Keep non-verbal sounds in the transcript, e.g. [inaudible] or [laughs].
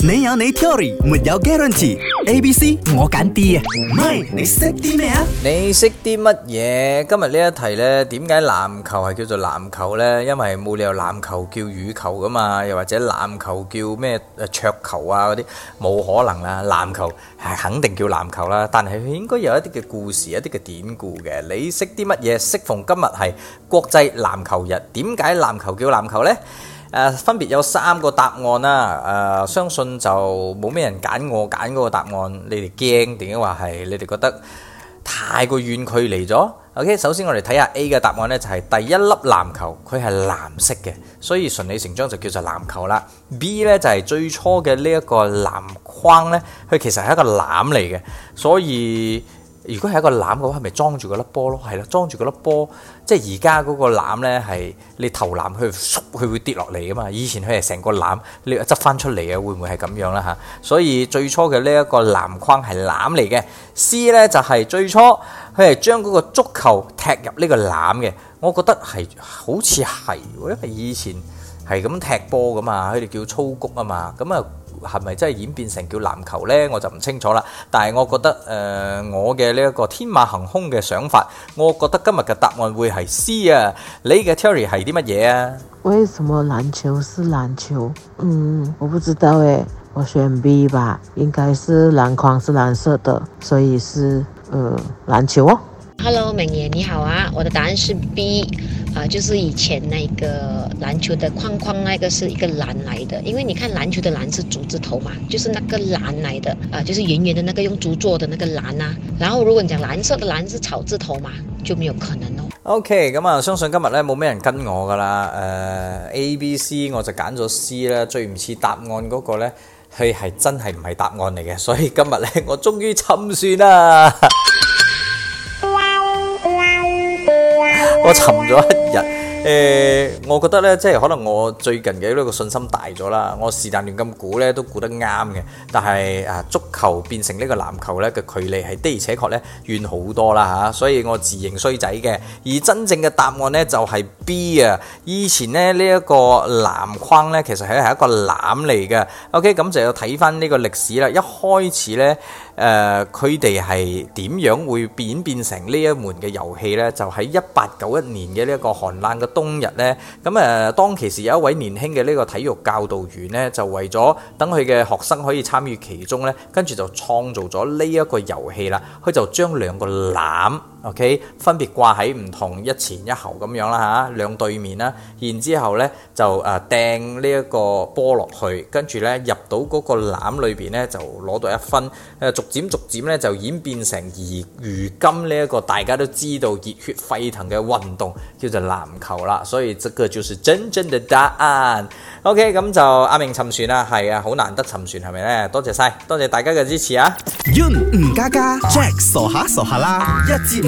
你有你 theory，沒有 guarantee。A、B、C 我揀 D 啊，唔係你識啲咩啊？你識啲乜嘢？今日呢一題呢，點解籃球係叫做籃球呢？因為冇理由籃球叫羽球噶嘛，又或者籃球叫咩誒桌球啊嗰啲冇可能啦。籃球係肯定叫籃球啦，但係佢應該有一啲嘅故事，一啲嘅典故嘅。你識啲乜嘢？適逢今日係國際籃球日，點解籃球叫籃球呢？呃、分別有三個答案啦，誒、呃、相信就冇咩人揀我揀嗰個答案，你哋驚定抑或係？你哋覺得太過遠距離咗？OK，首先我哋睇下 A 嘅答案呢就係、是、第一粒籃球，佢係藍色嘅，所以順理成章就叫做籃球啦。B 呢就係、是、最初嘅呢一個籃框呢佢其實係一個籃嚟嘅，所以。如果係一個籃嘅話，係咪裝住嗰粒波咯？係啦，裝住嗰粒波。即係而家嗰個籃呢，係你投籃佢，佢會跌落嚟噶嘛？以前佢係成個籃你執翻出嚟嘅，會唔會係咁樣啦？嚇！所以最初嘅呢一個籃框係籃嚟嘅。C 呢就係、是、最初佢係將嗰個足球踢入呢個籃嘅。我覺得係好似係喎，因為以前係咁踢波噶嘛，佢哋叫操谷啊嘛，咁啊。係咪真係演變成叫籃球呢？我就唔清楚啦。但係我覺得，誒、呃，我嘅呢一個天馬行空嘅想法，我覺得今日嘅答案會係 C 啊！你嘅 theory 係啲乜嘢啊？為什麼籃球是籃球？嗯，我不知道誒，我選 B 吧，應該是籃筐是藍色的，所以是，嗯、呃，籃球哦。Hello，明爺你好啊，我的答案是 B。啊，就是以前那個籃球的框框，那個是一個籃來的，因為你看籃球的籃是竹字頭嘛，就是那個籃來的，啊，就是圓圓的那個用竹做的那個籃啊。然後如果你講藍色的藍是草字頭嘛，就沒有可能咯。OK，咁啊，相信今日咧冇咩人跟我噶啦，誒、呃、，A、B、C，我就揀咗 C 啦，最唔似答案嗰個咧，佢係真係唔係答案嚟嘅，所以今日咧我終於沉船啦， [laughs] 我沉咗。誒、呃，我覺得呢，即係可能我最近嘅呢個信心大咗啦。我是但亂咁估呢都估得啱嘅。但係啊，足球變成呢個籃球呢，嘅距離係的而且確呢遠好多啦吓，所以我自認衰仔嘅。而真正嘅答案呢就係 B 啊。以前呢，呢、這、一個籃框呢，其實係係一個籃嚟嘅。OK，咁就要睇翻呢個歷史啦。一開始呢。誒，佢哋係點樣會變變成呢一門嘅遊戲呢？就喺一八九一年嘅呢一個寒冷嘅冬日呢。咁、呃、誒，當其時有一位年輕嘅呢個體育教導員呢，就為咗等佢嘅學生可以參與其中咧，跟住就創造咗呢一個遊戲啦。佢就將兩個籃 O.K. 分別掛喺唔同，一前一後咁樣啦嚇，兩對面啦，然之後呢就誒，掟呢一個波落去，跟住呢入到嗰個籃裏邊呢就攞到一分。誒，逐漸逐漸呢就演變成而如今呢一個大家都知道熱血沸騰嘅運動叫做籃球啦。所以這個就是真正的答案。O.K. 咁就阿明沉船啦，係啊，好難得沉船係咪呢？多謝晒，多謝大家嘅支持啊！Yun、吳家家，Jack 傻下傻下啦，一支。